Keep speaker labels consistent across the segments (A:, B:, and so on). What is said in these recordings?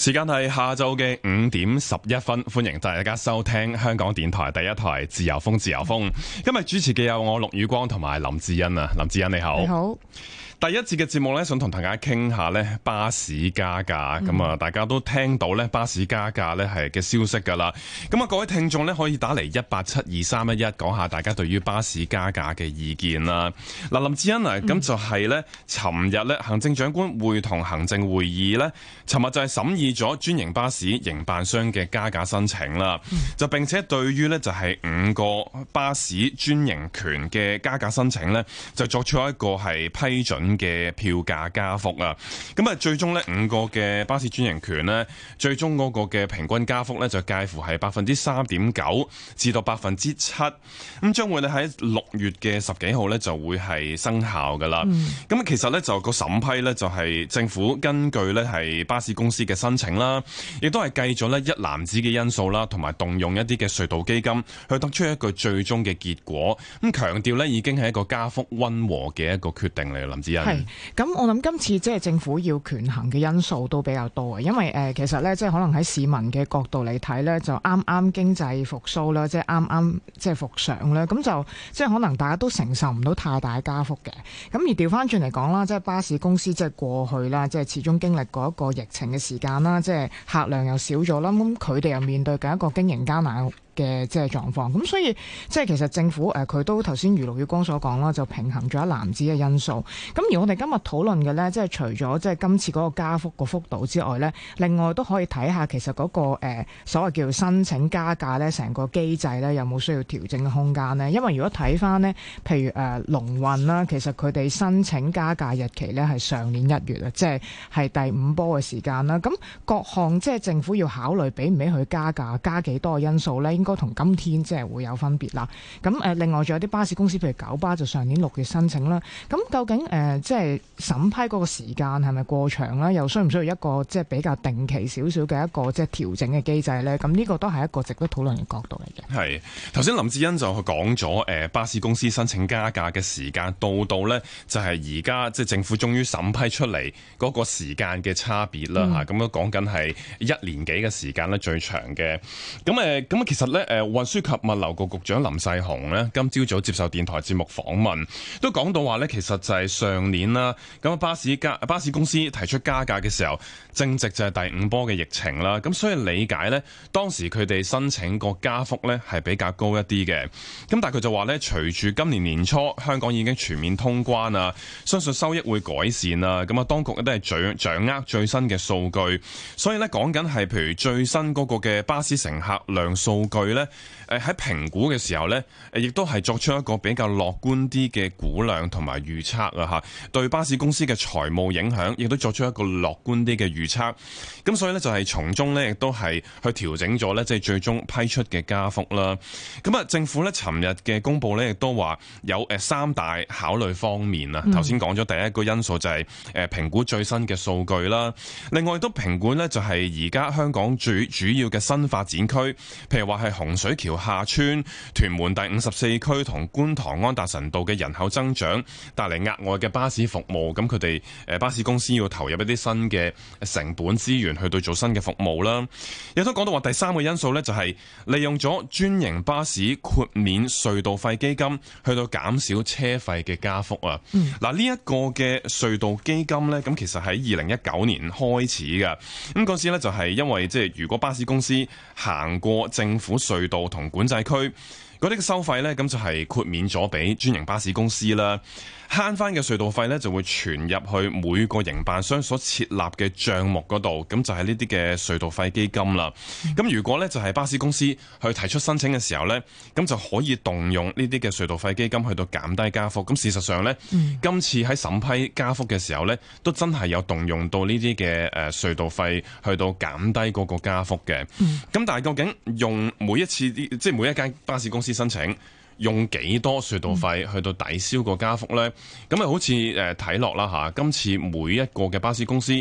A: 時間係下晝嘅五點十一分，歡迎大家收聽香港電台第一台自由風自由風。今日主持嘅有我陸宇光同埋林志恩啊，林志恩你好。你好第一節嘅節目咧，想同大家傾下咧巴士加價，咁、嗯、啊大家都聽到咧巴士加價咧係嘅消息㗎啦。咁啊各位聽眾咧可以打嚟一八七二三一一講下大家對於巴士加價嘅意見啦。嗱林志恩啊，咁就係咧，尋日咧行政長官會同行政會議咧，尋日就係審議咗專營巴士營辦商嘅加價申請啦，就、嗯、並且對於咧就係五個巴士專營權嘅加價申請咧，就作出一個係批准。嘅票價加幅啊，咁啊最終咧五個嘅巴士專營權咧，最終嗰個嘅平均加幅咧就介乎係百分之三點九至到百分之七，咁將會咧喺六月嘅十幾號咧就會係生效噶啦。咁、嗯、啊其實咧就個審批咧就係政府根據咧係巴士公司嘅申請啦，亦都係計咗咧一籃子嘅因素啦，同埋動用一啲嘅隧道基金去得出一個最終嘅結果。咁強調咧已經係一個加幅温和嘅一個決定嚟林志係
B: 咁，我諗今次即係政府要權衡嘅因素都比較多嘅，因為誒、呃，其實咧即係可能喺市民嘅角度嚟睇咧，就啱啱經濟復甦啦，即係啱啱即係復上啦。咁就即係可能大家都承受唔到太大加幅嘅。咁而調翻轉嚟講啦，即係巴士公司即係過去啦，即係始終經歷過一個疫情嘅時間啦，即係客量又少咗啦，咁佢哋又面對緊一個經營艱難。嘅即係狀況，咁所以即係其實政府誒佢、呃、都頭先如陸月光所講啦，就平衡咗一籃子嘅因素。咁而我哋今日討論嘅咧，即係除咗即係今次嗰個加幅個幅度之外咧，另外都可以睇下其實嗰、那個、呃、所謂叫做申請加價咧，成個機制咧有冇需要調整嘅空間咧？因為如果睇翻咧，譬如誒龍、呃、運啦，其實佢哋申請加價日期咧係上年一月啊，即係係第五波嘅時間啦。咁各項即係政府要考慮俾唔俾佢加價加幾多嘅因素咧？應該同今天即係會有分別啦。咁誒、呃，另外仲有啲巴士公司，譬如九巴就上年六月申請啦。咁究竟誒、呃，即係審批嗰個時間係咪過長啦？又需唔需要一個即係比較定期少少嘅一個即係調整嘅機制呢？咁呢個都係一個值得討論嘅角度嚟
A: 嘅。係，頭先林志恩就去講咗誒巴士公司申請加價嘅時間到到呢就係而家即係政府終於審批出嚟嗰個時間嘅差別啦。嚇、嗯，咁樣講緊係一年幾嘅時間咧，最長嘅。咁誒，咁、呃、其實。咧運輸及物流局局長林世雄呢今朝早接受電台節目訪問都講到話咧，其實就係上年啦，咁啊巴士加巴士公司提出加價嘅時候，正值就係第五波嘅疫情啦，咁所以理解咧，當時佢哋申請個加幅咧係比較高一啲嘅，咁但係佢就話咧，隨住今年年初香港已經全面通關啊，相信收益會改善啦，咁啊當局都係掌掌握最新嘅數據，所以咧講緊係譬如最新嗰個嘅巴士乘客量數據。佢咧。誒喺評估嘅時候呢，誒亦都係作出一個比較樂觀啲嘅估量同埋預測啊！嚇，對巴士公司嘅財務影響，亦都作出一個樂觀啲嘅預測。咁所以呢，就係從中呢，亦都係去調整咗呢，即係最終批出嘅加幅啦。咁啊，政府呢，尋日嘅公佈呢，亦都話有誒三大考慮方面啊。頭先講咗第一個因素就係誒評估最新嘅數據啦。另外都評估呢，就係而家香港最主要嘅新發展區，譬如話係洪水橋下邨屯門第五十四區同觀塘安達臣道嘅人口增長，帶嚟額外嘅巴士服務，咁佢哋誒巴士公司要投入一啲新嘅成本資源去對做新嘅服務啦。亦都講到話第三個因素呢就係、是、利用咗專營巴士豁免隧道費基金，去到減少車費嘅加幅啊。嗱、嗯，呢、啊、一、這個嘅隧道基金呢，咁其實喺二零一九年開始嘅。咁嗰時呢，就係、是、因為即係如果巴士公司行過政府隧道同管制區嗰啲嘅收費呢，咁就係豁免咗俾專營巴士公司啦。慳翻嘅隧道費咧，就會傳入去每個營辦商所設立嘅帳目嗰度，咁就係呢啲嘅隧道費基金啦。咁、嗯、如果呢就係巴士公司去提出申請嘅時候呢，咁就可以動用呢啲嘅隧道費基金去到減低加幅。咁事實上呢、嗯，今次喺審批加幅嘅時候呢，都真係有動用到呢啲嘅誒隧道費去到減低嗰個加幅嘅。咁、嗯、但係究竟用每一次啲，即係每一間巴士公司申請用幾多隧道費去到抵消個加幅咧？咁、嗯、啊，好似誒睇落啦吓，今次每一個嘅巴士公司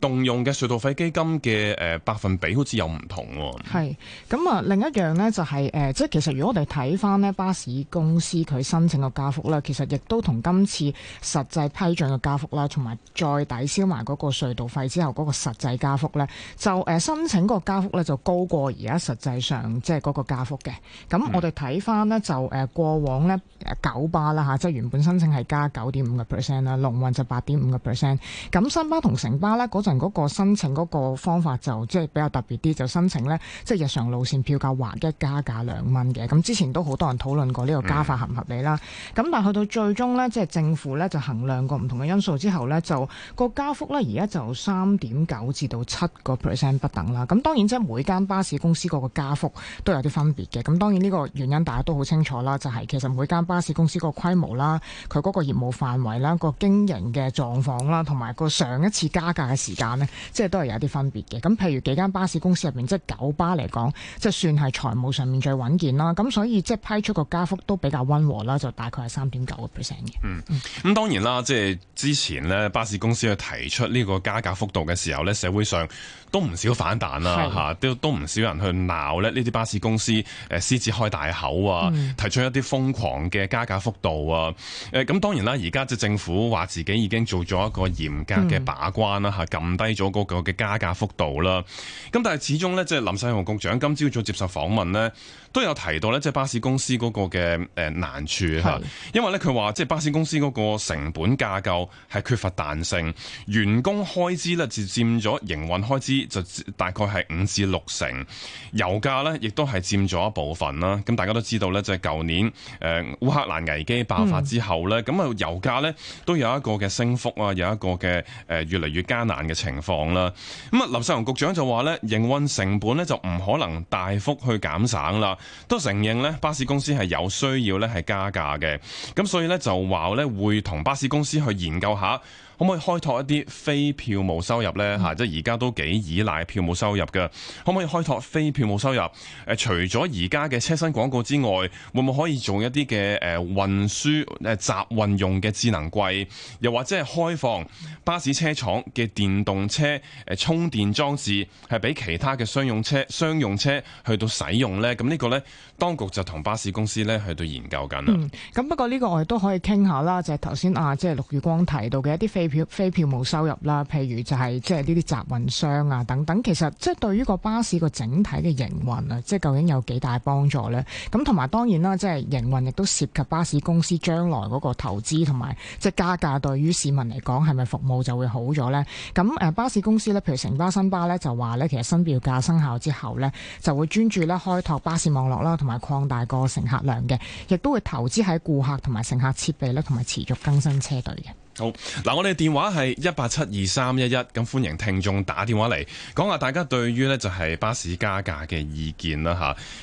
A: 動用嘅隧道費基金嘅誒、呃、百分比好似有唔同喎、
B: 啊。咁啊，另一樣咧就係、是、誒、呃、即係其實如果我哋睇翻咧，巴士公司佢申請個加幅咧，其實亦都同今次實際批准嘅加幅啦，同埋再抵消埋嗰個隧道費之後嗰個實際加幅咧，就誒、呃、申請嗰個加幅咧就高過而家實際上即係嗰個加幅嘅。咁我哋睇翻咧就誒。過往咧九巴啦吓，即係原本申請係加九點五個 percent 啦，龍運就八點五個 percent。咁新巴同城巴咧，嗰陣嗰個申請嗰個方法就即係、就是、比較特別啲，就申請咧即係日常路線票價劃一加價兩蚊嘅。咁之前都好多人討論過呢個加法合唔合理啦。咁、嗯、但係去到最終咧，即、就、係、是、政府咧就衡量過唔同嘅因素之後咧，就個加幅咧而家就三點九至到七個 percent 不等啦。咁當然即係每間巴士公司嗰個加幅都有啲分別嘅。咁當然呢個原因大家都好清楚啦。就係、是、其實每間巴士公司個規模啦，佢嗰個業務範圍啦，個經營嘅狀況啦，同埋個上一次加價嘅時間呢，即係都係有啲分別嘅。咁譬如幾間巴士公司入面，即係九巴嚟講，即係算係財務上面最穩健啦。咁所以即係批出個加幅都比較温和啦，就大概係三點九個 percent 嘅。
A: 咁、嗯、當然啦，即、就、係、是、之前呢巴士公司去提出呢個加價幅度嘅時候呢，社會上都唔少反彈啦，嚇、啊，都都唔少人去鬧呢啲巴士公司誒、呃、獅子開大口啊，提、嗯。出一啲瘋狂嘅加價幅度啊！誒，咁當然啦，而家即政府話自己已經做咗一個嚴格嘅把關啦，嚇，撳低咗嗰個嘅加價幅度啦。咁但係始終咧，即係林世雄局長今朝早接受訪問咧。都有提到咧，即係巴士公司嗰個嘅誒難處吓，因為咧佢話即係巴士公司嗰個成本架構係缺乏彈性，員工開支咧就佔咗營運開支就大概係五至六成，油價咧亦都係佔咗一部分啦。咁大家都知道咧，就係舊年誒烏克蘭危機爆發之後咧，咁、嗯、啊油價咧都有一個嘅升幅啊，有一個嘅誒越嚟越艱難嘅情況啦。咁啊，林世雄局長就話咧，營運成本咧就唔可能大幅去減省啦。都承認咧，巴士公司係有需要咧，係加價嘅。咁所以咧，就話咧會同巴士公司去研究下。可唔可以開拓一啲非票務收入呢？吓，即係而家都幾依賴票務收入嘅。可唔可以開拓非票務收入？誒，除咗而家嘅車身廣告之外，會唔會可以做一啲嘅誒運輸誒集運用嘅智能櫃？又或者係開放巴士車廠嘅電動車誒充電裝置，係俾其他嘅商用車、商用車去到使用呢？咁呢個呢，當局就同巴士公司呢去到研究緊
B: 啦。咁、嗯、不過呢個我哋都可以傾下啦，就係頭先啊，即係陸月光提到嘅一啲非非票非票務收入啦，譬如就係即係呢啲集運商啊，等等，其實即係對於個巴士個整體嘅營運啊，即係究竟有幾大幫助呢？咁同埋當然啦，即係營運亦都涉及巴士公司將來嗰個投資同埋即係加價，對於市民嚟講係咪服務就會好咗呢？咁誒，巴士公司咧，譬如城巴新巴咧，就話咧，其實新票價生效之後咧，就會專注咧開拓巴士網絡啦，同埋擴大個乘客量嘅，亦都會投資喺顧客同埋乘客設備咧，同埋持續更新車隊嘅。
A: 好，嗱，我哋電話係一八七二三一一，咁歡迎聽眾打電話嚟，講下大家對於呢就係巴士加價嘅意見啦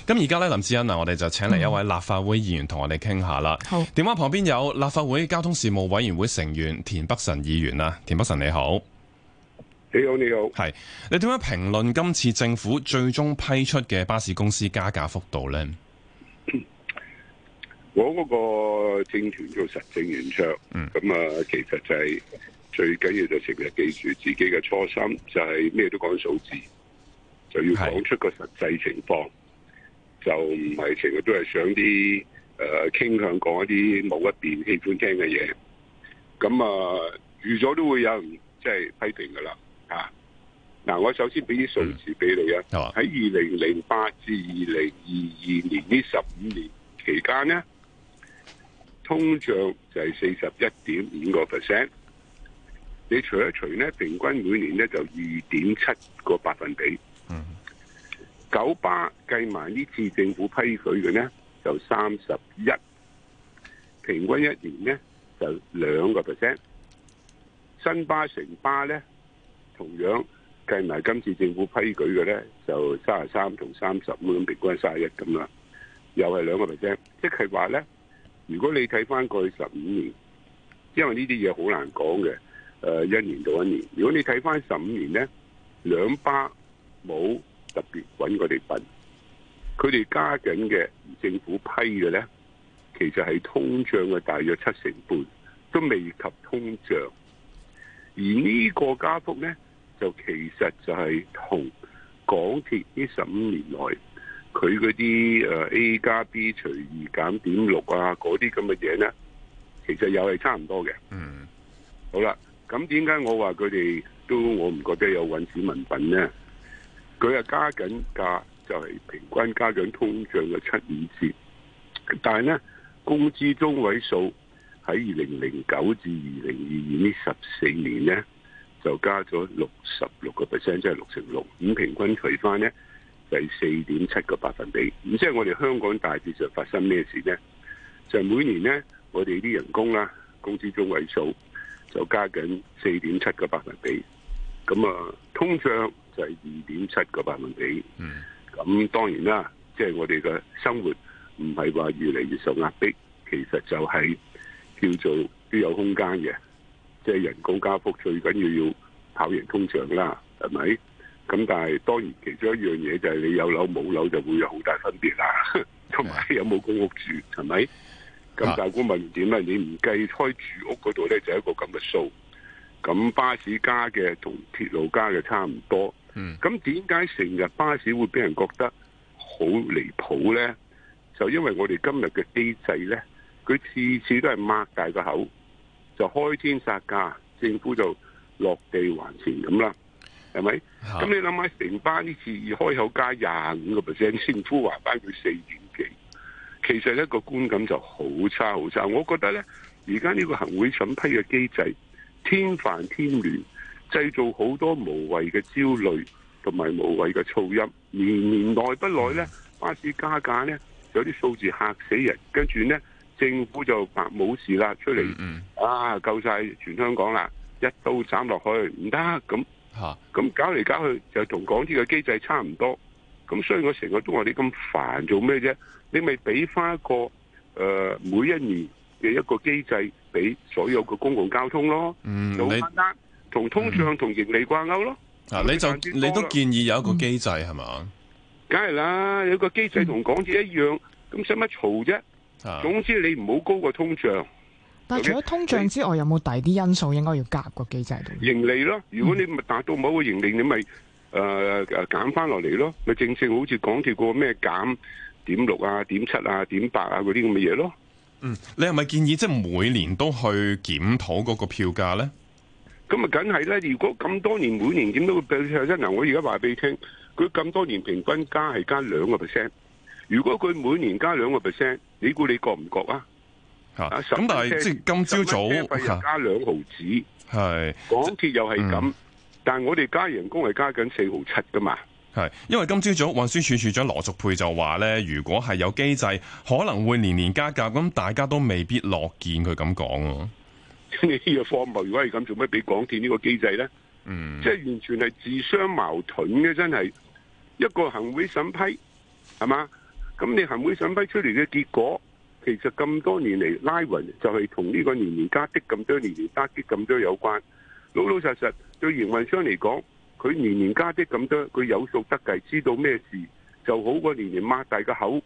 A: 吓。咁而家呢林志恩啊，我哋就請嚟一位立法會議員同我哋傾下啦。好、嗯，電話旁邊有立法會交通事務委員會成員田北辰議員啦，田北辰你好。你好你好，係你點樣評論今次政府最終批出嘅巴士公司加價幅度呢？
C: 我嗰個政團叫實政圓桌，咁、嗯、啊，其實就係最緊要就成日記住自己嘅初心，就係、是、咩都講數字，就要講出個實際情況，是就唔係成日都係想啲誒、呃、傾向講一啲某一邊喜歡聽嘅嘢，咁啊預咗都會有人即係、就是、批評噶啦嚇。嗱、啊啊，我首先俾啲數字俾你啊，喺二零零八至二零二二年呢十五年期間咧。通脹就係四十一點五個 percent，你除一除咧，平均每年咧就二點七個百分比。嗯、九巴計埋呢次政府批舉嘅呢，就三十一，平均一年呢，就兩個 percent。新巴城巴呢，同樣計埋今次政府批舉嘅呢，就三十三同三十，咁平均三十一咁啦，又係兩個 percent，即係話呢。如果你睇翻過去十五年，因為呢啲嘢好難講嘅，誒一年到一年。如果你睇翻十五年呢，兩巴冇特別搵我哋笨，佢哋加緊嘅政府批嘅呢，其實係通脹嘅大約七成半，都未及通脹。而呢個加幅呢，就其實就係同港鐵呢十五年內。佢嗰啲誒 A 加 B 除二減點六啊，嗰啲咁嘅嘢呢，其實又係差唔多嘅。嗯、mm.，好啦，咁點解我話佢哋都我唔覺得有揾市民品呢。佢又加緊價，就係、是、平均加緊通脹嘅七五折。但係呢，工資中位數喺二零零九至二零二二呢十四年呢，就加咗六十六個 percent，即係六成六。咁平均除翻呢。第四點七個百分比，咁即係我哋香港大致上發生咩事呢？就每年呢，我哋啲人工啦，工資中位數就加緊四點七個百分比，咁啊，通脹就係二點七個百分比。嗯，咁當然啦，即係我哋嘅生活唔係話越嚟越受壓迫，其實就係叫做都有空間嘅，即係人工加幅最緊要要跑贏通脹啦，係咪？咁但係當然，其中一樣嘢就係你有樓冇樓就會有好大分別啦，同埋有冇公屋住係咪？咁大官問點咧？你唔計開住屋嗰度咧，就一個咁嘅數。咁巴士加嘅同鐵路加嘅差唔多。咁點解成日巴士會俾人覺得好離譜咧？就因為我哋今日嘅機制咧，佢次次都係擘大個口，就開天殺價，政府就落地還錢咁啦。係咪？咁你諗下，成班呢次要開口加廿五個 percent，先呼還翻佢四點幾，其實呢個觀感就好差好差。我覺得呢，而家呢個行會審批嘅機制添煩添亂，製造好多無謂嘅焦慮同埋無謂嘅噪音。年年耐不耐呢巴士加價呢，有啲數字嚇死人，跟住呢，政府就白冇事啦，出嚟、嗯嗯、啊救晒全香港啦，一刀斬落去唔得咁。吓、啊，咁搞嚟搞去就同港鐵嘅機制差唔多，咁所以我成個都話你咁煩做咩啫？你咪俾翻一個誒、呃，每一年嘅一個機制俾所有嘅公共交通咯，通嗯，簡單，同通脹同盈利掛鈎咯。嗱、
A: 啊，你就,就你都建議
C: 有一個機制係嘛？梗係啦，有
B: 一個機制同
C: 港鐵一樣，咁使乜嘈啫？總之你唔好高過通脹。但除咗
B: 通脹之外，有冇第啲因素應該要夾個機制？
C: 盈利咯，如果你達到某個盈利，你咪誒、呃、減翻落嚟咯。咪正正好似講住個咩減點六啊、點七啊、點八啊嗰啲咁嘅嘢咯。嗯，
A: 你係咪建議即係每年都去檢討嗰個票價咧？
C: 咁啊，梗係咧！如果咁多年每年檢討會，一為我而家話俾你聽，佢咁多年平均加係加兩個 percent。如果佢每年加兩個 percent，你估你覺唔覺啊？
A: 吓、啊、咁但係、啊啊、即係今朝早，早加
C: 兩毫紙係、啊，港鐵又係咁，但係我哋加人工係加緊四毫七噶嘛？
A: 係因為今朝早運輸署署長羅淑佩就話咧，如果係有機制，可能會年年加價，咁大家都未必樂見佢咁講。你
C: 呢個貨物如果係咁，做咩俾港鐵呢個機制咧？嗯，嗯即係完全係自相矛盾嘅，真係一個行會審批係嘛？咁你行會審批出嚟嘅結果？其實咁多年嚟拉匀就係同呢個年年加的咁多年年加的咁多有關。老老實實，對營運商嚟講，佢年年加的咁多，佢有數得計，知道咩事就好過年年擘大個口。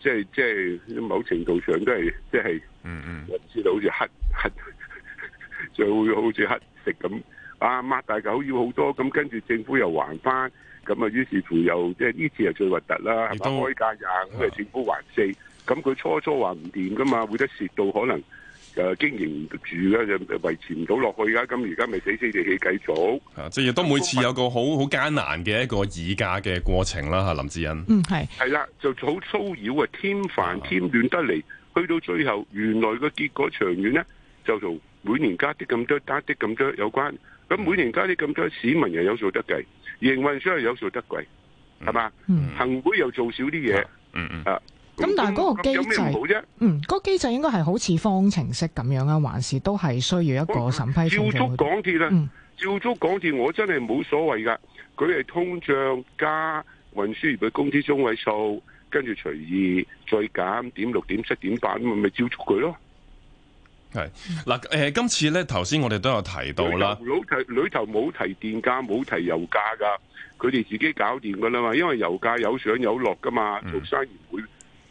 C: 即係即係，某程度上都係即係，嗯嗯，我知道好似乞乞，就會好似乞食咁。啊，擘大口要好多，咁跟住政府又還翻，咁啊，於是乎又即係呢次係最核突啦，係咪開價廿，咁啊政府還四。咁佢初初話唔掂噶嘛，會得蝕到可能，誒經營唔住噶，維持唔到落去家，咁而家咪死死地氣繼續啊、嗯！
A: 即係都每次有個好好艱難嘅一個議價嘅過程啦，吓林志恩。嗯
B: 係
C: 係啦，就好騷擾啊，添煩添亂得嚟，去到最後原來個結果長遠咧，就同每年加啲咁多加啲咁多有關，咁每年加啲咁多市民又有數得計，營運商又有數得計，係嘛？嗯，行會又做少啲嘢，嗯嗯啊。
B: 咁、嗯、但係嗰個機制，嗯，嗰、那個機制應該係好似方程式咁樣啦，還是都係需要一個審批？照足
C: 港鐵啦，照足港鐵，我真係冇所謂噶，佢係通脹加運輸業嘅工資中位數，跟住隨意再減點六點七點八咁，咪照足佢咯。
A: 係嗱，誒、呃，今次咧，頭先我哋都有提到啦，
C: 裏頭提裏頭冇提電價，冇提油價噶，佢哋自己搞掂噶啦嘛，因為油價有上有落噶嘛，做生意會。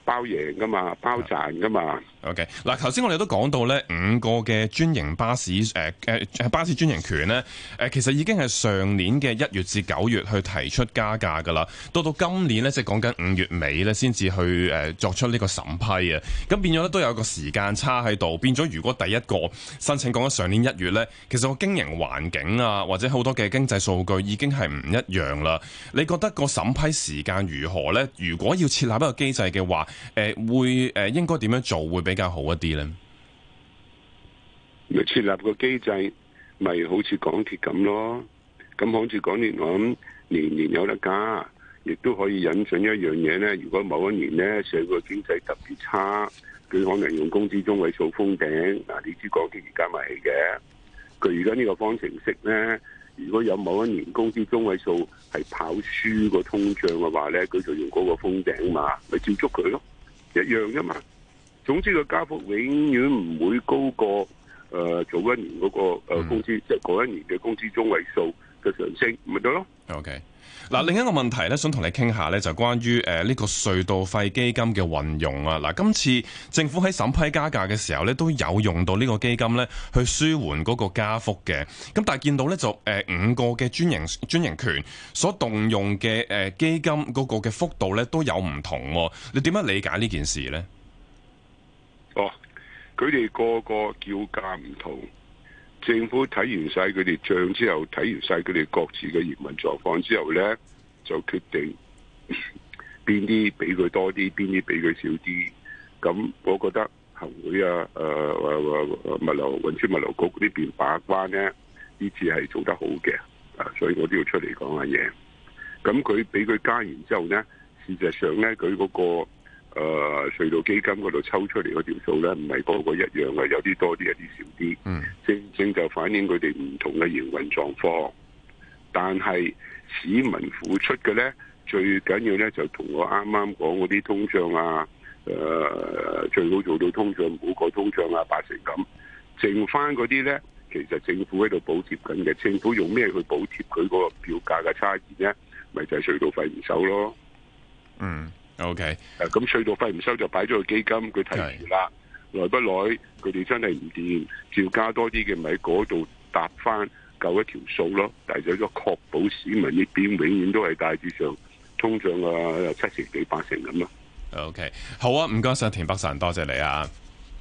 C: 包贏噶嘛，包賺噶嘛。
A: O.K. 嗱，頭先我哋都講到呢五個嘅專營巴士誒誒、呃、巴士專營權呢，誒其實已經係上年嘅一月至九月去提出加價㗎啦。到到今年呢，即係講緊五月尾呢，先至去誒作出呢個審批啊。咁變咗咧都有個時間差喺度。變咗如果第一個申請講緊上年一月呢，其實個經營環境啊，或者好多嘅經濟數據已經係唔一樣啦。你覺得個審批時間如何呢？如果要設立一個機制嘅話，誒、呃、會誒、呃、應該點樣做會俾？比較好一啲咧，
C: 咪設立個機制，咪好似港鐵咁咯。咁好似港鐵咁，我諗年年有得加，亦都可以引進一樣嘢咧。如果某一年咧，社會的經濟特別差，佢可能用工資中位數封頂。嗱，你知港鐵而家咪係嘅。佢而家呢個方程式咧，如果有某一年工資中位數係跑輸個通脹嘅話咧，佢就用嗰個封頂嘛，咪照足佢咯，一樣噶嘛。總之個加幅永遠唔會高過誒早、呃、一年嗰個誒工資、嗯，即係嗰一年嘅工資中位數嘅上升，咪得
A: 咯。OK 嗱、嗯，另一個問題咧，想同你傾下咧，就關於誒呢個隧道費基金嘅運用啊。嗱，今次政府喺審批加價嘅時候咧，都有用到呢個基金咧去舒緩嗰個加幅嘅。咁但係見到咧，就誒、呃、五個嘅專營專營權所動用嘅誒、呃、基金嗰個嘅幅度咧都有唔同、啊。你點樣理解呢件事咧？
C: 佢哋個個叫價唔同，政府睇完晒佢哋帳之後，睇完晒佢哋各自嘅移民狀況之後呢，就決定邊啲俾佢多啲，邊啲俾佢少啲。咁我覺得行會啊、呃，誒物流運輸物流局呢邊把關呢，呢次係做得好嘅，啊，所以我都要出嚟講下嘢。咁佢俾佢加完之後呢，事實上呢，佢嗰個。誒、呃，隧道基金嗰度抽出嚟嗰條數咧，唔係個個一樣嘅，有啲多啲，有啲少啲。嗯、mm.，正正就反映佢哋唔同嘅營運狀況。但係市民付出嘅咧，最緊要咧就同我啱啱講嗰啲通脹啊，誒、呃，最好做到通脹冇過通脹啊八成咁，剩翻嗰啲咧，其實政府喺度補貼緊嘅。政府用咩去補貼佢嗰個票價嘅差異咧？咪就係、是、隧道費唔收咯。
A: 嗯、mm.。O K，
C: 咁隧道費唔收就擺咗個基金，佢提議啦，來不來佢哋真係唔掂，照加多啲嘅咪喺嗰度搭翻舊一條數咯，但係就一個確保市民呢邊永遠都係大致上通脹啊七成幾八成咁咯。
A: O、okay, K，好啊，唔該晒。田北辰，多謝，謝你啊。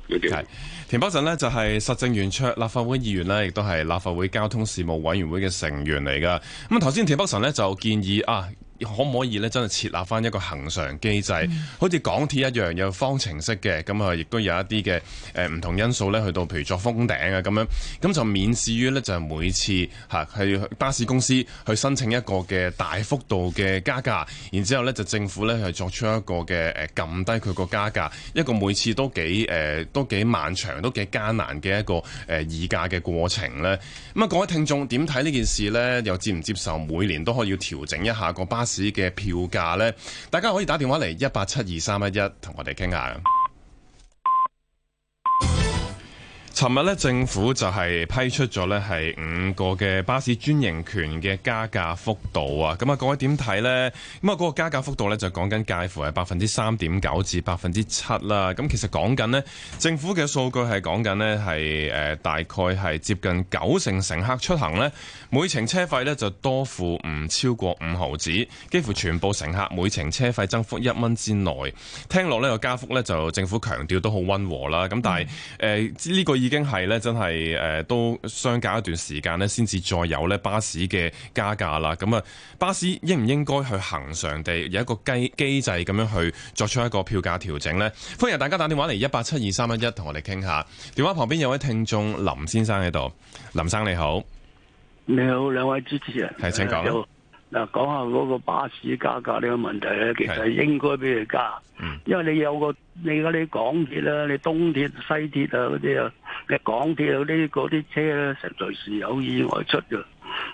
A: 係田北辰呢，就係、是、實政圓桌立法會議員咧，亦都係立法會交通事務委員會嘅成員嚟噶。咁啊頭先田北辰呢，就建議啊。可唔可以咧，真係設立翻一個恒常機制，好似港鐵一樣有方程式嘅，咁啊，亦都有一啲嘅誒唔同因素咧，去到譬如作封頂啊咁樣，咁就免試於咧就每次吓去巴士公司去申請一個嘅大幅度嘅加價，然之後咧就政府咧去作出一個嘅誒撳低佢個加價，一個每次都幾誒都幾漫長都幾艱難嘅一個誒議價嘅過程咧。咁啊，各位聽眾點睇呢件事咧？又接唔接受每年都可以調整一下個巴士市嘅票價呢，大家可以打電話嚟，一八七二三一一，同我哋傾下。尋日咧，政府就係批出咗咧，係五個嘅巴士專營權嘅加價幅度啊！咁啊，各位點睇呢？咁啊，個加價幅度咧就講緊介乎係百分之三點九至百分之七啦。咁其實講緊咧，政府嘅數據係講緊咧係誒，大概係接近九成乘客出行咧，每程車費咧就多付唔超過五毫子，幾乎全部乘客每程車費增幅一蚊之內。聽落呢個加幅呢，就政府強調都好温和啦。咁但係誒呢個已經係咧，真係誒，都相隔一段時間咧，先至再有咧巴士嘅加價啦。咁啊，巴士應唔應該去恒常地有一個機機制咁樣去作出一個票價調整呢？歡迎大家打電話嚟一八七二三一一同我哋傾下。電話旁邊有位聽眾林先生喺度，林生你好，
D: 你好，兩位主持人係，請講嗱，講下嗰個巴士加價呢個問題咧，其實應該俾佢加，因為你有個你而家你港鐵啦，你東鐵、西鐵啊嗰啲啊，你港鐵有啲嗰啲車咧，實在係有意外出嘅。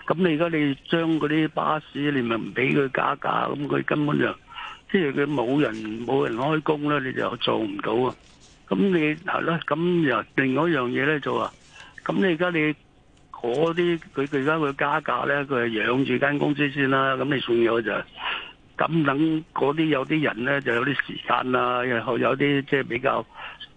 D: 咁你而家你將嗰啲巴士，你咪唔俾佢加價，咁佢根本就即係佢冇人冇人開工咧，你就做唔到啊。咁你，係啦，咁又另外一樣嘢咧就話，咁你而家你。嗰啲佢而家佢加價咧，佢係養住間公司先啦。咁你仲、就是、有就咁等嗰啲有啲人咧，就有啲時間啦，然後有啲即係比較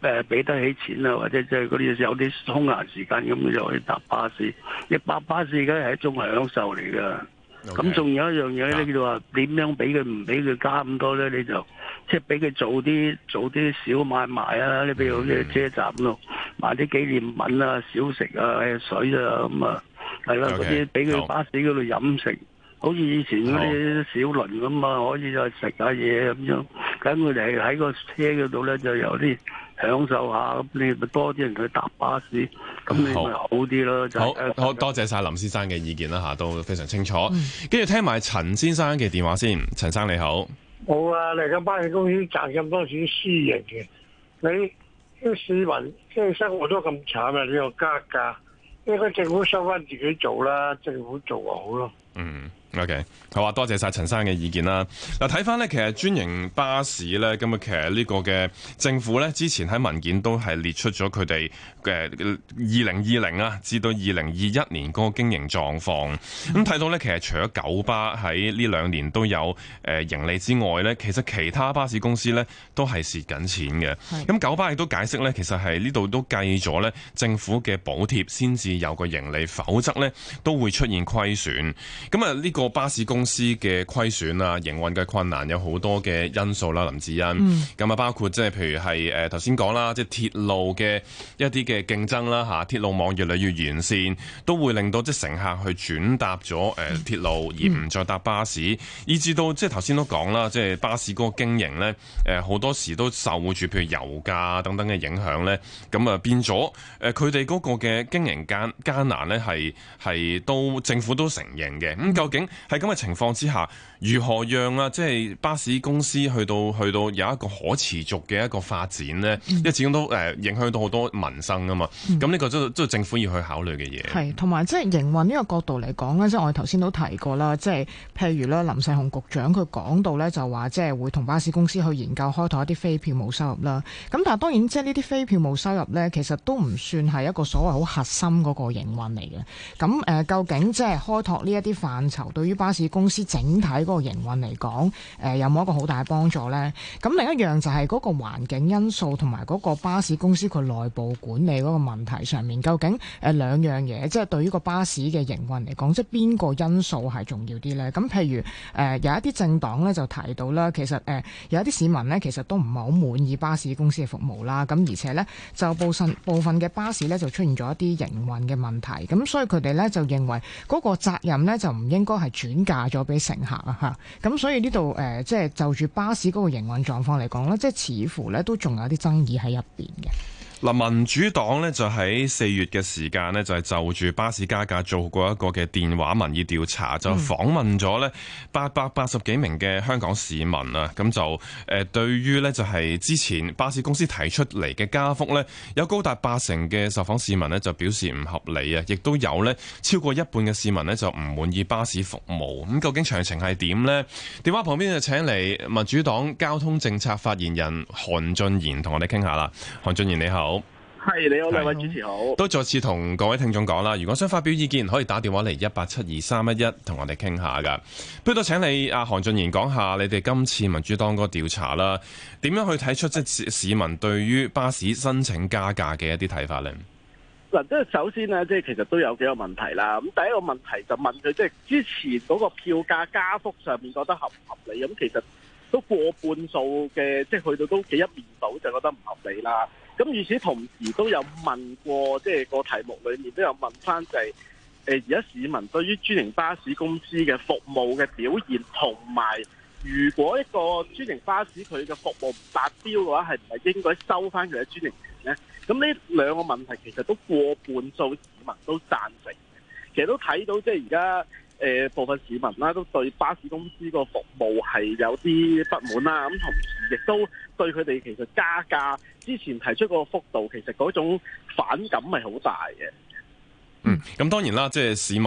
D: 誒俾、呃、得起錢啊，或者即係嗰啲有啲空閒時間咁，你就可以搭巴士。一搭巴士而家係一種享受嚟噶。咁、Okay. 仲有一樣嘢，你叫做話點樣俾佢唔俾佢加咁多咧？你就即係俾佢做啲做啲小買賣啊。你、mm-hmm、比如啲車站咯。買啲紀念品啊、小食啊、水啊咁啊，係啦，嗰啲俾佢巴士嗰度飲食，Okay. 好似以前嗰啲小輪咁啊，可以再食下嘢咁樣。咁佢哋喺個車嗰度咧，就有
A: 啲享受一
D: 下咁，你咪多啲人去搭巴士，
A: 咁你咪好啲咯，就是。好，好、呃、好多謝晒林先生嘅意見啦吓，都非常清楚。跟、嗯、住聽埋陳先生嘅電話先，陳生你好。
D: 好啊，嚟緊巴士公司賺咁多錢私人的，私營嘅你。啲市民即係生活都咁慘啊，你又加價，應該政府收翻自己做啦，政府做就好咯。嗯。
A: O.K. 好啊，多謝晒陳生嘅意見啦。嗱，睇翻咧，其實專營巴士咧，咁啊，其實呢個嘅政府咧，之前喺文件都係列出咗佢哋嘅二零二零啊，至到二零二一年個經營狀況。咁睇到咧，其實除咗九巴喺呢兩年都有誒盈利之外咧，其實其他巴士公司咧都係蝕緊錢嘅。咁九巴亦都解釋咧，其實係呢度都計咗咧政府嘅補貼先至有個盈利，否則咧都會出現虧損。咁啊，呢個。個巴士公司嘅虧損啊，營運嘅困難有好多嘅因素啦，林志欣。咁、嗯、啊，包括即係譬如係誒，頭先講啦，即係鐵路嘅一啲嘅競爭啦，吓，鐵路網越嚟越完善，都會令到即係乘客去轉搭咗誒鐵路，嗯、而唔再搭巴士。嗯、以至到即係頭先都講啦，即係巴士嗰個經營咧，誒好多時都受住譬如油價等等嘅影響呢。咁啊變咗誒佢哋嗰個嘅經營艱艱難咧係係都政府都承認嘅。咁、嗯、究竟？喺咁嘅情況之下，如何讓啊，即、就、係、是、巴士公司去到去到有一個可持續嘅一個發展咧、嗯？因為始終都誒影響到好多民生啊嘛。咁、嗯、呢個都都政府要去考慮嘅嘢。係
B: 同埋即係營運呢個角度嚟講咧，即、就、係、是、我哋頭先都提過啦。即、就、係、是、譬如咧，林世雄局長佢講到呢，就話即係會同巴士公司去研究開拓一啲非票務收入啦。咁但係當然即係呢啲非票務收入呢，其實都唔算係一個所謂好核心嗰個營運嚟嘅。咁誒，究竟即係開拓呢一啲範疇？對於巴士公司整體嗰個營運嚟講，誒、呃、有冇一個好大嘅幫助呢？咁另一樣就係嗰個環境因素同埋嗰個巴士公司佢內部管理嗰個問題上面，究竟誒呃兩樣嘢，即係對於個巴士嘅營運嚟講，即係邊個因素係重要啲呢？咁譬如誒、呃、有一啲政黨呢就提到啦，其實誒、呃、有一啲市民呢其實都唔係好滿意巴士公司嘅服務啦。咁而且呢，就部分部分嘅巴士呢就出現咗一啲營運嘅問題，咁所以佢哋呢就認為嗰個責任呢就唔應該係。轉嫁咗俾乘客啦嚇，咁所以呢度誒，即係就住巴士嗰個營運狀況嚟講咧，即係似乎咧都仲有啲爭議喺入邊嘅。
A: 嗱，民主黨呢就喺四月嘅時間呢，就係就住巴士加價做過一個嘅電話民意調查，就訪問咗呢八百八十幾名嘅香港市民啊，咁就誒對於呢，就係之前巴士公司提出嚟嘅加幅呢，有高達八成嘅受訪市民呢就表示唔合理啊，亦都有呢超過一半嘅市民呢就唔滿意巴士服務，咁究竟詳情係點呢？電話旁邊就請嚟民主黨交通政策發言人韓俊賢同我哋傾下啦，韓俊賢你好。係，你好，兩位主持好。都再次同各位聽眾講啦，如果想發表意見，可以打電話嚟一八七二三一一，同我哋傾下噶。不如都請你阿韓俊賢講下，你哋今次民主黨嗰個調查啦，點樣去睇出即市民對於巴士申請加價嘅一啲睇法呢？嗱，
E: 即係首先呢，即係其實都有幾個問題啦。咁第一個問題就問佢，即係之前嗰個票價加幅上面覺得合唔合理？咁其實都過半數嘅，即係去到都幾一面倒，就覺得唔合理啦。咁與此同時，都有問過，即係個題目裏面都有問翻，就係而家市民對於專營巴士公司嘅服務嘅表現，同埋如果一個專營巴士佢嘅服務唔達標嘅話，係唔係應該收翻佢嘅專營權呢？咁呢兩個問題其實都過半數市民都贊成，其實都睇到即係而家。誒部分市民啦，都對巴士公司個服務係有啲不滿啦，咁同時亦都對佢哋其實加價之前提出個幅度，其實嗰種反感係好大嘅。
A: 嗯，咁當然啦，即係市民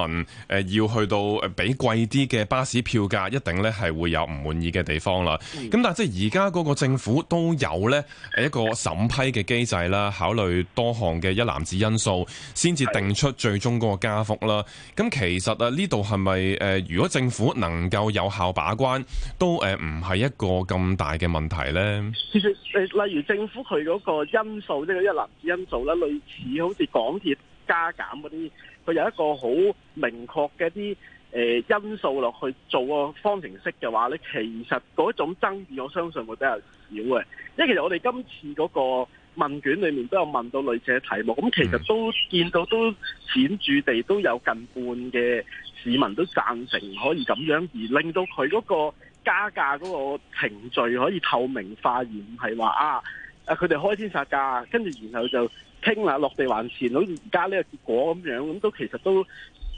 A: 要去到誒畀貴啲嘅巴士票價，一定咧係會有唔滿意嘅地方啦。咁、嗯、但係即係而家嗰個政府都有咧一個審批嘅機制啦，考慮多項嘅一籃子因素，先至定出最終嗰個加幅啦。咁其實啊，呢度係咪如果政府能夠有效把關，都唔係一個咁大嘅問題咧。
E: 其實例如政府佢嗰個因素即係、就是、一籃子因素啦，類似好似港鐵，加減嗰啲，佢有一個好明確嘅啲誒因素落去做個方程式嘅話呢，其實嗰種爭議我相信會比較少嘅。因為其實我哋今次嗰個問卷裡面都有問到類似嘅題目，咁其實都見到都顯著地都有近半嘅市民都贊成可以咁樣，而令到佢嗰個加價嗰個程序可以透明化，而唔係話啊啊佢哋開天殺價，跟住然後就。傾下，落地還錢，好似而家呢個結果咁樣，咁都其實都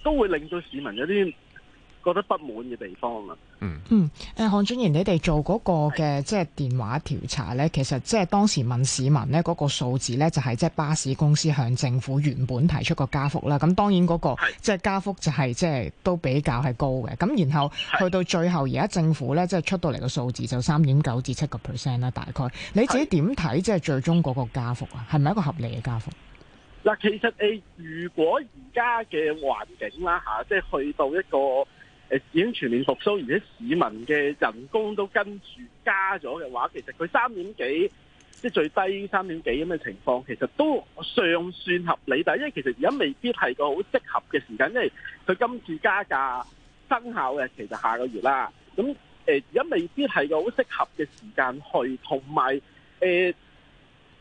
E: 都會令到市民有啲覺得不滿嘅地方啊、
B: 嗯！嗯嗯，誒，韓俊賢，你哋做嗰個嘅即係電話調查呢，其實即係當時問市民呢嗰個數字呢，就係即係巴士公司向政府原本提出個加幅啦。咁當然嗰個即係加幅就係即係都比較係高嘅。咁然後去到最後，而家政府呢，即係出到嚟個數字就三點九至七個 percent 啦，大概你自己點睇即係最終嗰個加幅啊？係咪一個合理嘅加幅？
E: 嗱，其實誒，如果而家嘅環境啦嚇，即係去到一個誒已經全面復甦，而且市民嘅人工都跟住加咗嘅話，其實佢三點幾，即係最低三點幾咁嘅情況，其實都尚算合理。但係因為其實而家未必係個好適合嘅時間，因為佢今次加價生效嘅其實下個月啦，咁誒而家未必係個好適合嘅時間去，同埋誒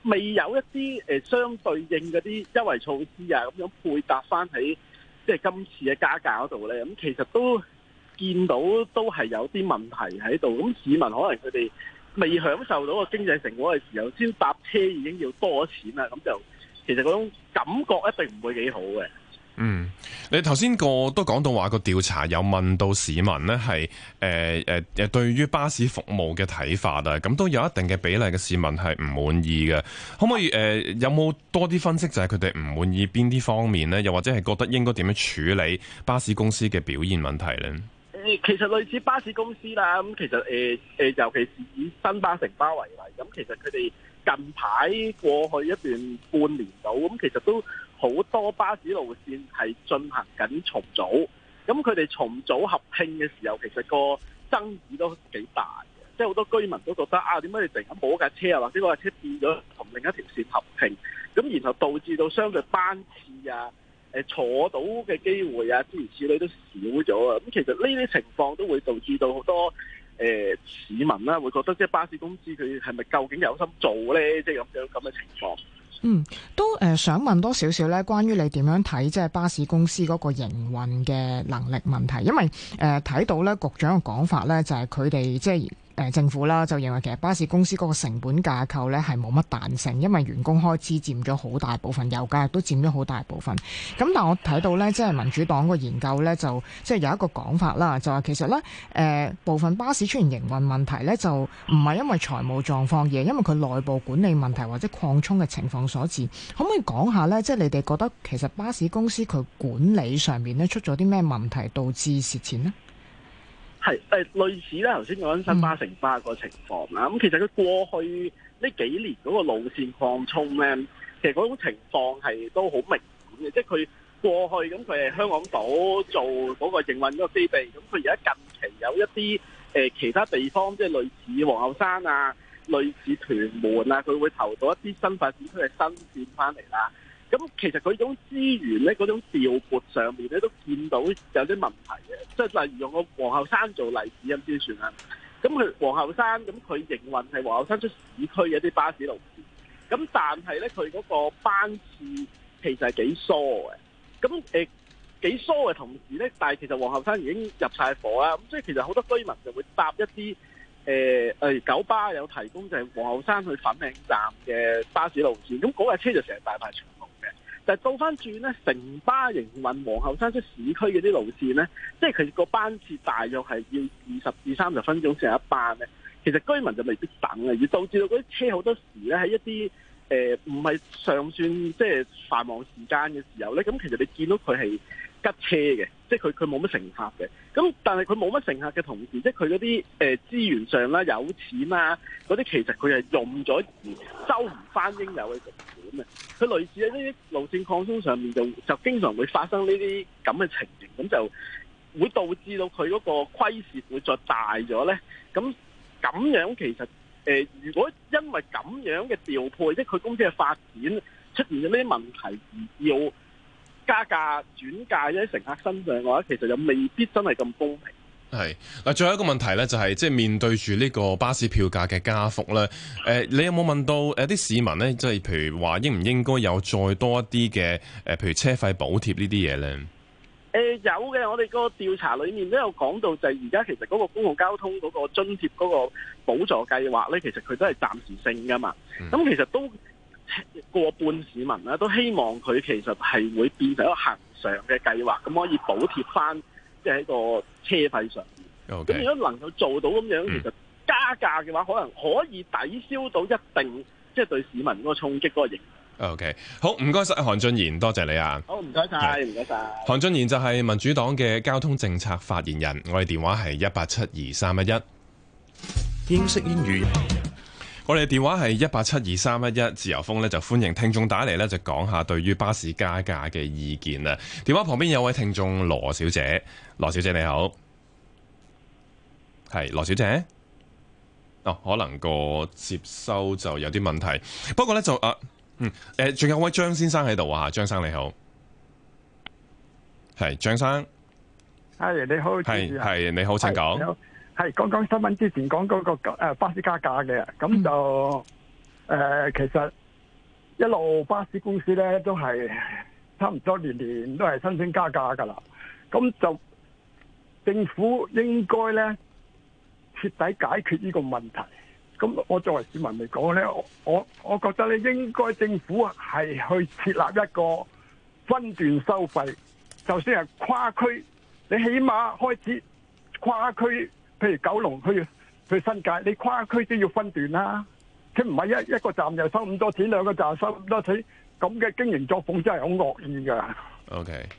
E: 未有一啲誒相對應嗰啲優惠措施啊，咁樣配搭返起。即係今次嘅加價嗰度咧，咁其實都見到都係有啲問題喺度。咁市民可能佢哋未享受到個經濟成果嘅時候，先搭車已經要多錢啦。咁就其實嗰種感覺一定唔會幾好嘅。
A: 嗯，你頭先個都講到話個調查有問到市民呢，係誒誒誒，對於巴士服務嘅睇法啦，咁都有一定嘅比例嘅市民係唔滿意嘅。可唔可以誒、呃，有冇多啲分析就係佢哋唔滿意邊啲方面呢？又或者係覺得應該點樣處理巴士公司嘅表現問題呢？誒，
E: 其實類似巴士公司啦，咁其實誒誒、呃，尤其是以新巴城、城巴為例，咁其實佢哋近排過去一段半年度，咁其實都。好多巴士路線係進行緊重組，咁佢哋重組合併嘅時候，其實個爭議都幾大，即係好多居民都覺得啊，點解你突然間冇架車啊，或者架車變咗同另一條線合併？咁然後導致到相對班次啊、誒坐到嘅機會啊諸如此類都少咗啊，咁其實呢啲情況都會導致到好多、呃、市民啦、啊，會覺得即係巴士公司佢係咪究竟有心做咧？即係咁樣
D: 咁嘅情況。
B: 嗯，都誒、呃、想問多少少咧，關於你點樣睇即係巴士公司嗰個營運嘅能力問題，因為誒睇、呃、到咧局長嘅講法咧，就係佢哋即係。誒政府啦，就認為其實巴士公司嗰個成本架構咧係冇乜彈性，因為員工開支佔咗好大部分，油價亦都佔咗好大部分。咁但我睇到咧，即係民主黨個研究咧，就即係有一個講法啦，就話其實咧，誒部分巴士出現營運問題咧，就唔係因為財務狀況，而係因為佢內部管理問題或者擴充嘅情況所致。可唔可以講下咧？即係你哋覺得其實巴士公司佢管理上面咧出咗啲咩問題導致蝕錢呢？
E: 係誒類似咧，頭先講緊新巴城巴個情況啦。咁其實佢過去呢幾年嗰個路線擴充咧，其實嗰種情況係都好明顯嘅。即係佢過去咁，佢係香港島做嗰個營運嗰個基地，咁佢而家近期有一啲誒其他地方，即係類似皇后山啊、類似屯門啊，佢會投到一啲新發展區嘅新線翻嚟啦。咁其實佢種資源咧，嗰種調撥上面咧都見到有啲問題嘅，即係例如用個皇后山做例子咁先算啦。咁佢皇后山咁佢營運係皇后山出市區嘅一啲巴士路線，咁但係咧佢嗰個班次其實係幾疏嘅，咁幾、欸、疏嘅同時咧，但係其實皇后山已經入曬伙啦。咁所以其實好多居民就會搭一啲誒誒九巴有提供就係皇后山去粉嶺站嘅巴士路線，咁嗰架車就成日大排但係倒翻轉咧，城巴營運皇后山出市、市區嗰啲路線咧，即係佢個班次大約係要二十至三十分鐘先有一班咧，其實居民就未必等喇，而導致到嗰啲車好多時咧喺一啲。誒，唔係上算，即係繁忙時間嘅時候咧，咁其實你見到佢係吉車嘅，即係佢佢冇乜乘客嘅。咁但係佢冇乜乘客嘅同時，即係佢嗰啲誒資源上啦、有錢啊嗰啲，其實佢係用咗而收唔翻應有嘅成本嘅。佢類似喺呢啲路線擴充上面就就經常會發生呢啲咁嘅情形，咁就會導致到佢嗰個虧蝕會再大咗咧。咁咁樣其實。誒，如果因為咁樣嘅調配，即係佢公司嘅發展出現咗咩問題而要加價轉嫁喺乘客身上嘅話其實又未必真係咁公平。
A: 係嗱，最後一個問題咧，就係即係面對住呢個巴士票價嘅加幅咧。誒，你有冇問到誒啲市民咧？即係譬如話應唔應該有再多一啲嘅誒，譬如車費補貼呢啲嘢咧？
E: 誒、呃、有嘅，我哋個調查裏面都有講到，就係而家其實嗰個公共交通嗰個津貼嗰個補助計劃咧，其實佢都係暫時性噶嘛。咁、mm. 其實都過半市民咧、啊、都希望佢其實係會變成一個恆常嘅計劃，咁可以補貼翻即係喺一個車費上。咁、okay. 如果能夠做到咁樣，其實加價嘅話，mm. 可能可以抵消到一定即係、就是、對市民嗰
A: 個衝擊嗰個 O.K. 好，唔該晒，韓俊賢，多謝你啊！好，唔該晒，唔該晒。韓俊賢就係民主黨嘅交通政策發言人。我哋電話係一八七二三一一。英式英語。我哋電話係一八七二三一一。自由風呢就歡迎聽眾打嚟呢，就講下對於巴士加價嘅意見啦。電話旁邊有位聽眾羅小姐，羅小姐你好，係羅小姐。哦，可能個接收就有啲問題，不過呢就啊。呃嗯，誒，仲有位張先生喺度啊，張生你好，係張生，係你好，係係你好，請講，
D: 係講講新聞之前講嗰、那個誒、呃、巴士加價嘅，咁就誒、呃、其實
E: 一路巴士公司咧都係差唔多年年都係申請加價噶啦，咁就政府應該咧徹底解決呢個問題。咁我作為市民嚟講咧，我我覺得咧應該政府係去設立一個分段收費，就算係跨區，你起碼開始跨區，譬如九龍區去，去新界，你跨區都要分段啦。佢唔係一一個站就收咁多錢，兩個站收咁多錢，咁嘅經營作風真係好惡意㗎。
A: OK。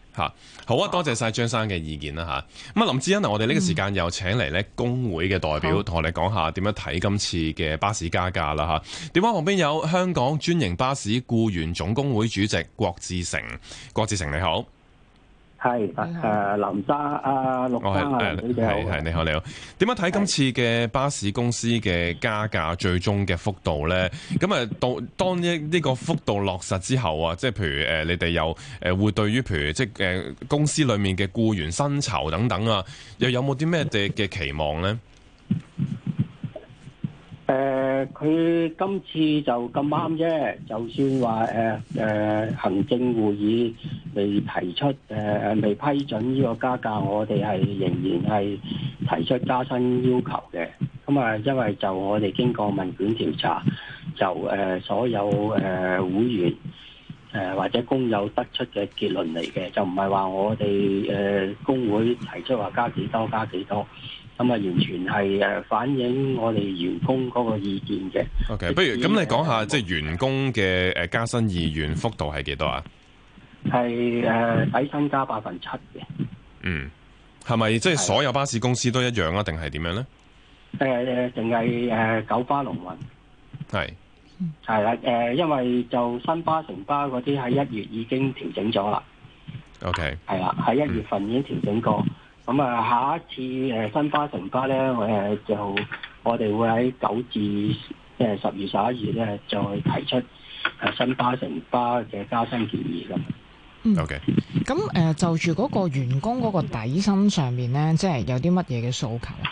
A: 好啊！多謝晒張生嘅意見啦嚇。咁啊，林志恩啊，我哋呢個時間又請嚟咧工會嘅代表，同我哋講下點樣睇今次嘅巴士加價啦嚇。電話旁邊有香港專營巴士僱員總工會主席郭志誠，郭志誠你好。
F: 係、呃、林沙啊，呃、陸生啊、哦呃呃，你好，係
A: 係你好你好，點樣睇今次嘅巴士公司嘅加價最終嘅幅度咧？咁啊，到當一呢個幅度落實之後啊，即係譬如誒，你哋又誒會對於譬如即係誒公司裡面嘅僱員薪酬等等啊，又有冇啲咩嘅嘅期望咧？
F: 誒、呃，佢今次就咁啱啫，就算話誒誒，行政會議未提出誒誒、呃，未批准呢個加價，我哋係仍然係提出加薪要求嘅。咁、嗯、啊，因為就我哋經過問卷調查，就誒、呃、所有誒、呃、會員誒、呃、或者工友得出嘅結論嚟嘅，就唔係話我哋誒、呃、工會提出話加幾多加幾多。咁啊，完全係誒反映我哋員工嗰個意見
A: 嘅。OK，不如咁你講一下、呃、即係員工嘅誒加薪意願幅度係幾多啊？
F: 係誒底薪加百分七嘅。嗯，
A: 係咪即係所有巴士公司都一樣啊？定係點樣
F: 咧？誒、呃，淨係誒九巴、龍運係係啦。誒、呃，因為就新巴、城巴嗰啲喺一月已經調整咗啦。
A: OK，係啦，
F: 喺一月份已經調整過。嗯咁啊，下一次誒新巴城巴咧，我就我哋會喺九至誒十月十一月咧，再提出誒新巴城巴嘅加薪建議噶
B: O K. 咁誒就住嗰個員工嗰個底薪上面咧，即係有啲乜嘢嘅訴求
F: 咧？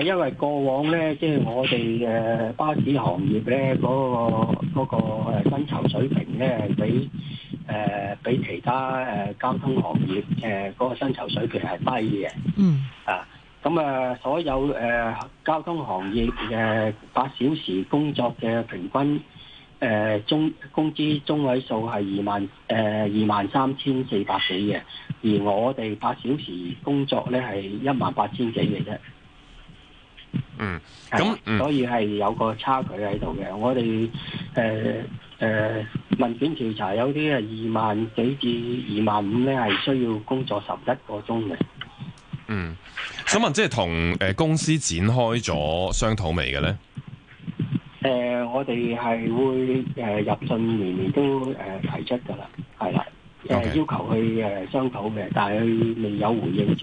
F: 誒，因為過往咧，即係我哋嘅巴士行業咧，嗰個嗰個誒薪酬水平咧，比誒、呃，比其他誒、呃、交通行業誒嗰、呃那個薪酬水平係低嘅。嗯。啊，咁、呃、啊，所有誒、呃、交通行業嘅八小時工作嘅平均誒、呃、中工資中位數係二萬誒二萬三千四百幾嘅，而我哋八小時工作咧係一萬八千幾嘅啫。
D: 嗯，咁、嗯、所
F: 以係有個差距喺度嘅。我哋誒。呃誒、呃，問卷調查有啲係二萬幾至二萬五咧，係需要工作十一個鐘嘅。嗯，
A: 想問即係同誒公司展開咗商討未嘅咧？
F: 誒、呃，我哋係會誒、呃、入信年年都誒、呃、提出噶啦，係啦，即、呃 okay，要求去誒、呃、商討嘅，但係佢未有回應。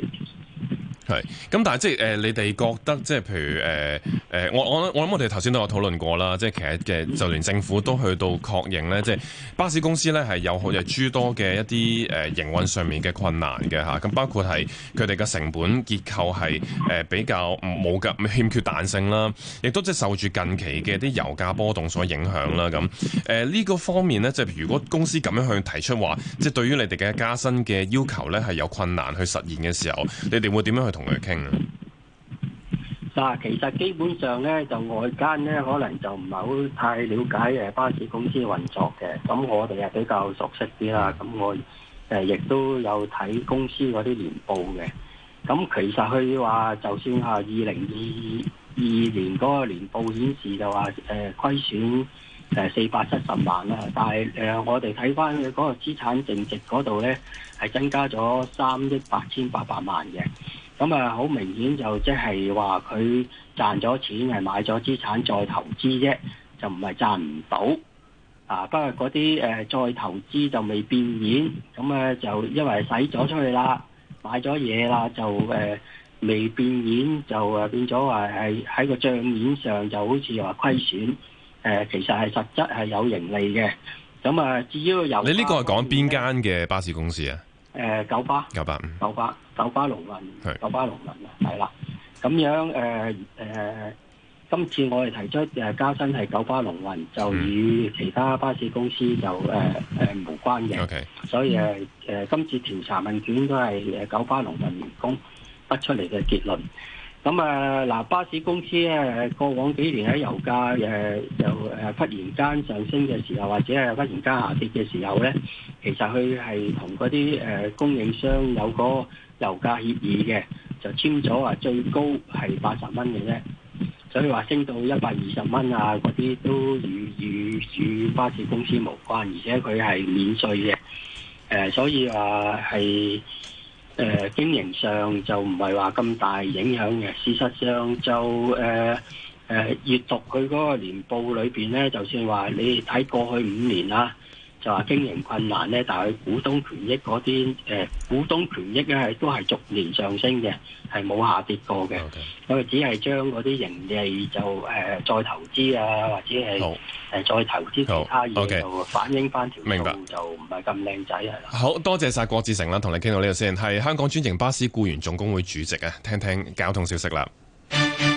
A: 係，咁但係即係、呃、你哋覺得即係譬如誒、呃、我我我諗我哋頭先都有討論過啦，即係其實嘅，就連政府都去到確認咧，即係巴士公司咧係有好多嘅一啲誒、呃、營運上面嘅困難嘅咁、啊、包括係佢哋嘅成本結構係、呃、比較冇㗎欠缺彈性啦，亦都即係受住近期嘅啲油價波動所影響啦咁。呢、啊呃呢個方面呢，即係如，如果公司咁樣去提出話，即係對於你哋嘅加薪嘅要求咧係有困難去實現嘅時候，你哋會點樣去？同佢傾
F: 啊！嗱，其實基本上咧，就外間咧，可能就唔係好太了解誒巴士公司嘅運作嘅。咁我哋啊比較熟悉啲啦。咁我誒亦都有睇公司嗰啲年報嘅。咁其實佢話，就算啊二零二二年嗰個年報顯示就話誒、呃、虧損誒四百七十萬啦。但係誒、呃、我哋睇翻佢嗰個資產淨值嗰度咧，係增加咗三億八千八百萬嘅。咁啊，好明顯就即係話佢賺咗錢，係買咗資產再投資啫，就唔係賺唔到。啊，不過嗰啲、呃、再投資就未變現，咁啊就因為使咗出去啦，買咗嘢啦，就誒、呃、未變現，就誒變咗話係喺個帳面上就好似話虧損。誒、呃，其實係實質係有盈利嘅。咁、呃、啊，至於有你呢個係
A: 講邊間嘅巴士公司啊？誒、
F: 呃，九巴。九巴。九巴。九巴龍運，九巴龍運啊，係啦，咁樣誒誒、呃呃，今次我哋提出誒加薪係九巴龍運，就與其他巴士公司就誒誒、呃呃、無關嘅，okay. 所以誒、呃、今次調查問卷都係九巴龍運員工得出嚟嘅結論。咁啊嗱，巴士公司咧過往幾年喺油價誒又誒忽然間上升嘅時候，或者係忽然間下跌嘅時候咧，其實佢係同嗰啲誒供應商有個油價協議嘅就簽咗話，最高係八十蚊嘅啫，所以話升到一百二十蚊啊嗰啲都與與與巴士公司無關，而且佢係免稅嘅，誒、呃、所以話係誒經營上就唔係話咁大影響嘅。事實上就誒誒、呃呃，閱讀佢嗰個年報裏邊咧，就算話你睇過去五年啦、啊。就話經營困難咧，但係佢股東權益嗰啲誒股東權益咧係都係逐年上升嘅，係冇下跌過嘅。咁、okay. 佢只係將嗰啲盈利就誒、呃、再投資啊，或者係誒、呃、再投資其他嘢就反映翻條數，就唔係咁靚仔係。好，okay.
A: 好多謝晒郭志誠啦，同你傾到呢度先，係香港專營巴士僱員總工會主席啊，聽聽交通消息啦。